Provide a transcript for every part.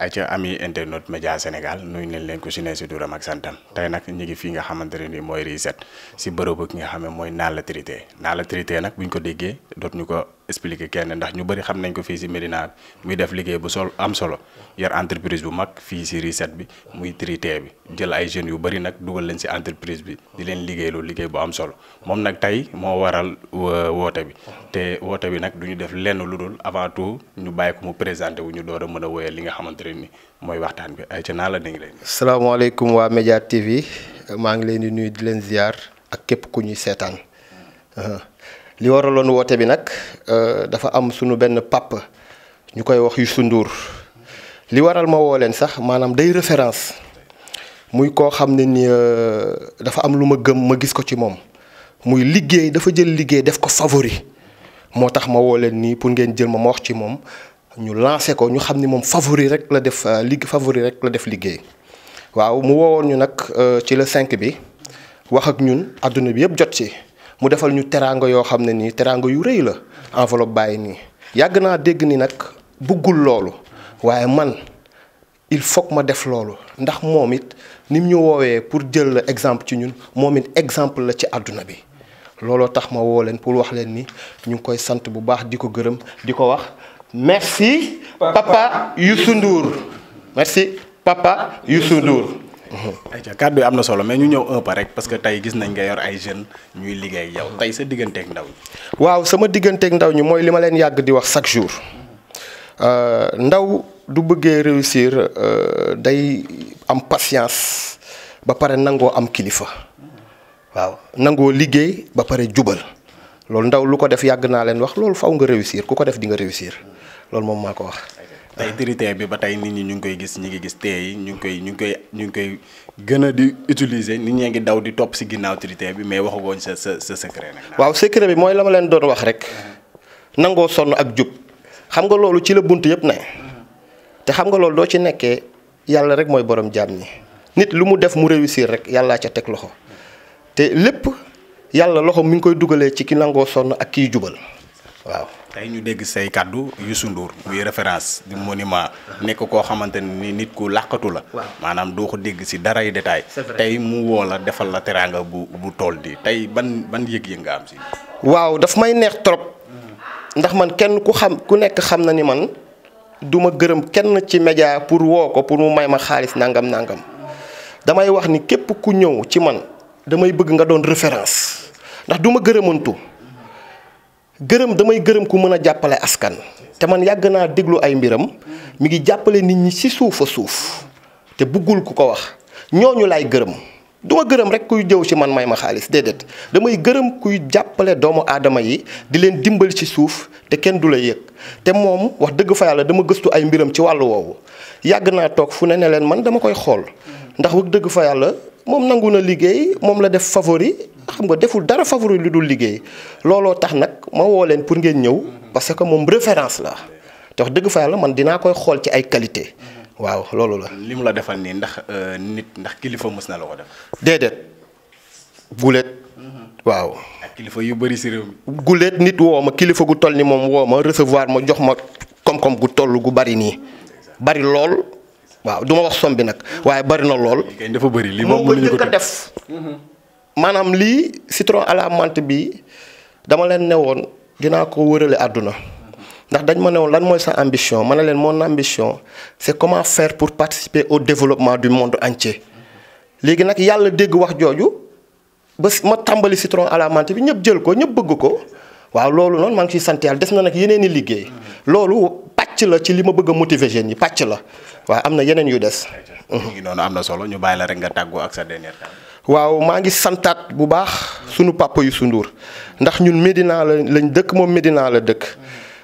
ayca ami internet média Sénégal nuyu nañ leen ko si ne si ak santam tey nag ñu ngi fii nga xamante ne nii mooy reset si bërëbu ki nga xam ne mooy Nalla Trinité Nalla trité nag buñ ko déggee dootuñu ko. expliquer kenn ndax ñu bëri xam nañ ko fii si Médina muy def liggéey bu sol am solo yar entreprise bu mag fii si Riset bi muy trité bi jël ay jeunes yu bari nag dugal leen si entreprise bi di leen liggéeyloo liggéey bu am solo moom nag tey moo waral woote bi te woote bi nag du ñu def lenn lu dul avant tout ñu bàyyi ko mu présenté wu ñu door mën a woyal li nga xamante ne ni mooy waxtaan bi ay ca naa la dégg leen. salaamaaleykum waa Média TV maa ngi leen di nuyu di leen ziar ak képp ku ñuy seetaan. li waraloon woote bi nag euh, dafa am suñu benn pàpp ñu koy wax Youssou Ndour li waral ma woo leen sax maanaam day référence muy koo xam ne ni euh, dafa am lu ma gëm ma gis ko ci moom muy liggéey dafa jël liggéey def ko favori moo tax ma woo leen nii pour ngeen jël ma ma wax ci moom ñu lancé ko ñu xam ni moom favori rek la def euh, liggéey favori rek la def liggéey waaw mu woowoon ñu nag ci la 5 bi wax ak ñun àdduna bi yëpp jot si mu defal ñu teraanga yoo xam ne nii teraanga yu rëy la enveloppe bàyyi nii yàgg naa dégg ni nag buggul loolu waaye man il faut ma def loolu ndax moom it ni ñu woowee pour jël exemple ci ñun moom it exemple la ci àdduna bi looloo tax ma woo leen pour wax leen ni ñu ngi koy sant bu baax di ko gërëm di ko wax merci papa Youssou Ndour merci papa yu Ndour ayca kàddu yi am na solo mais ñu ñëw un par rek parce que tey gis nañ nga yor ay jeunes ñuy liggéey yow mm-hmm. tey sa digganteek ndaw ñi. waaw sama digganteeg ndaw ñi mooy li ma leen yàgg di wax chaque jour mm-hmm. euh, ndaw du bëggee réussir euh, day am patience ba pare nangoo am kilifa mm-hmm. waaw nangoo liggéey ba pare jubal loolu ndaw lu ko def yàgg naa leen wax loolu faw nga réussir ku ko def di nga réussir loolu moom maa ko wax. tey bi ba tey nit ñi ñu ngi koy gis ñu ngi gis tee ñu ngi koy ñu ngi koy ñu ngi koy gën a di utiliser nit ñee ngi daw di topp si ginnaaw tritaire bi mais waxu sa sa sa secret nag. waaw secret bi mooy la ma leen doon wax rek nangoo sonn ak jub xam nga loolu ci la bunt yëpp ne te xam nga loolu doo ci nekkee yàlla rek mooy borom jaam ñi nit lu mu def mu réussir rek yàllaa ca teg loxo te lépp yàlla loxo mi ngi koy dugalee ci ki nangoo sonn ak kiy jubal waaw. tey ñu dégg say kàddu Youssou Ndour muy référence ni monument nekk koo xamante ni nit ku làqatu la maanaam doo ko dégg si daray détail tey mu woo la defal la teraanga bu bu tool di tey ban ban yëg-yëg nga am si waaw dafa may neex trop ndax man kenn ku xam ku nekk xam na ni man duma gërëm kenn ci média pour woo ko pour mu may ma xaalis nangam nangam damay wax ni képp ku ñëw ci man damay bëgg nga doon référence ndax duma gërëmantu gërëm damay gërëm ku mën a jàppale askan te man yàgg naa déglu ay mbiram mu ngi jàppale nit ñi ci suuf a suuf te buggul ku ko wax ñooñu laay gërëm du gërëm rek kuy jëw ci man may ma xaalis déedéet damay gërëm kuy jàppale doomu aadama yi di leen dimbal ci suuf te kenn du la yëg te moom wax dëgg fa yàlla dama gëstu ay mbiram ci wàllu woowu yàgg naa toog fu ne ne leen man dama koy xool ndax wax dëgg fa yàlla moom nangu na liggéey moom la def favori xam nga deful dara favori lu dul liggéey looloo tax nag ma woo leen pour ngeen ñëw parce que moom référence la te wax dëgg fa la man dinaa koy xool ci ay qualité waaw loolu la. li mu la defal nii ndax euh, nit ndax kilifa mës na la ko def. déedéet gulet. waaw. kilifa yu bëri si réew mi. gulet nit woo ma kilifa gu toll nii moom woo ma recevoir ma jox ma koom-koom gu toll gu bari nii bari lool. waaw duma wax som nag waaye bari na lool. dafa bëri lii moom mënuñu ko def. maanaam lii citron à bi dama leen ne woon dinaa ko wërale àdduna ndax dañ ma ne woon lan mooy sa ambition ma ne leen mon ambition c'est comment fair pour participer au développement du monde entier léegi nag yàlla dégg wax jooju ba ma tàmbali citron à la menthe bi ñëpp jël ko ñëpp bëgg ko waaw loolu noonu maa ngi ciy sant des na nag yeneen i liggéey loolu pàcc la ci li ma bëgg a motiver jeunes yi pàcc la waa am na yeneen yu des. mu ngi am na solo ñu bàyyi la rek nga tàggoo ak sa dernier waaw maa ngi santaat bu baax sunu papa Youssou Ndour ndax ñun Médina la lañ dëkk moom Médina la dëkk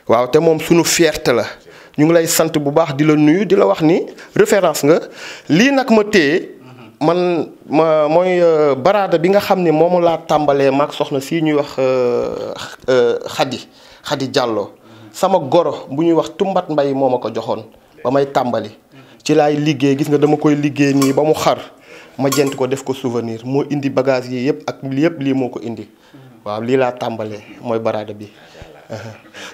waaw te moom sunu fierté la ñu ngi lay sant bu baax di la nuyu di la wax ni référence nga lii nag ma téye man ma mooy euh, baraada bi nga xam ni moomu laa tàmbalee maag soxna sii ñuy wax Xadi Xadi jàlloo sama goro bu ñuy wax tumbat mbay moo ma ko joxoon ba may tàmbali ci laay liggéey gis nga dama koy liggéey nii ba mu xar ma jent ko def ko souvenir moo indi bagage yii yëpp ak yëpp lii moo ko indi waaw lii laa tàmbalee mooy baraada bi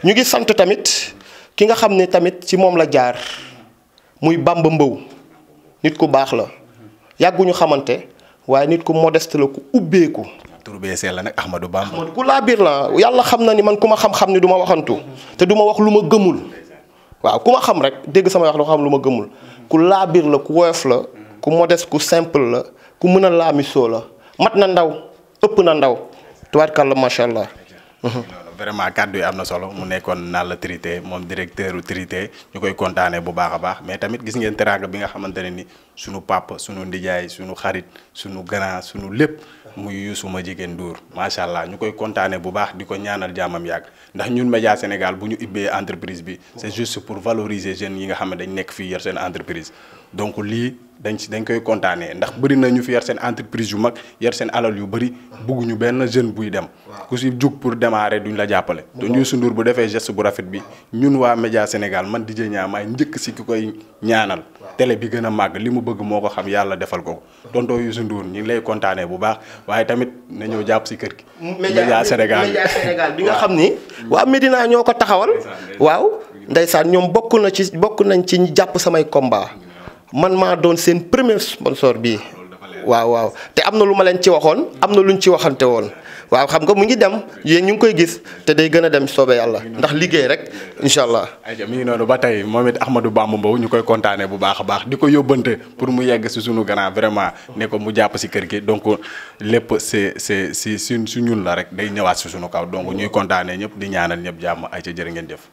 ñu ngi sant tamit ki nga xam ne tamit ci moom la jaar muy Bamba Mbow nit ku baax la yàgguñu xamante waaye nit ku modeste la ku ubbeeku tur bee sell la nag Ahmadou Bamba Ahmadou ku laa biir la yàlla xam na ni man ku ma xam-xam ni du waxantu te duma wax lu ma gëmul waaw ku ma xam rek dégg sama wax loo xam lu ma gëmul ku laa la ku woyof la ku modeste ku simple la ku mën a laamisoo la mat na ndaw ëpp na ndaw tubaarkàlla macha allah. vraiment kàddu yi am na solo mu nekkoon Nalla Trinité moom directeur u Trinité ñu koy kontaanee bu baax a baax mais tamit gis ngeen teraanga bi nga xamante ne ni sunu papa sunu ndijaay suñu xarit suñu grand suñu lépp muy ma Madjiguène Ndour macha allah ñu koy kontaanee bu baax di ko ñaanal jàmmam yàgg ndax ñun média Sénégal bu ñu ibbee entreprise bi c'est juste pour valoriser jeunes yi nga xam ne dañ nekk fii yor seen entreprise donc lii dañ si dañ koy kontaanee ndax bëri na ñu fi yar seen entreprise yu mag yar seen alal yu bari bugguñu benn jeune buy dem ku si jug pour démarrer duñ la jàppale te Youssou Ndour bu defee geste bu rafet bi ñun waa Média Sénégal man DJ Niang maay njëkk si ki koy ñaanal télé bi gën a màgg li mu bëgg moo ko xam yàlla defal ko tontoo Youssou Ndour ñu lay kontaanee bu baax waaye tamit na jàpp si kër gi Média Sénégal Média Sénégal nga xam ni waa Médina ñoo ko taxawal waaw ndeysaan ñoom bokk na ci bokk nañ ci jàpp samay combat man maa doon seen premier sponsor bii ah, waaw waaw te am na lu ma leen ci waxoon am na lu ñu ci waxante woon waaw xam nga mu ngi dem yéen ñu ngi koy gis te day gën a dem soobee yàlla ndax liggéey rek incha allah. ayca mi noonu ba tey moom it Ahmadou Bamba Mbow ñu koy kontaanee bu baax a baax di ko yóbbante pour mu yegg si sunu grand vraiment ne ko mu jàpp si kër gi donc lépp c'est c'est si su ñun la rek day ñëwaat si sunu kaw donc ñuy kontaanee ñëpp di ñaanal ñëpp jàmm ayca jërë ngeen jëf.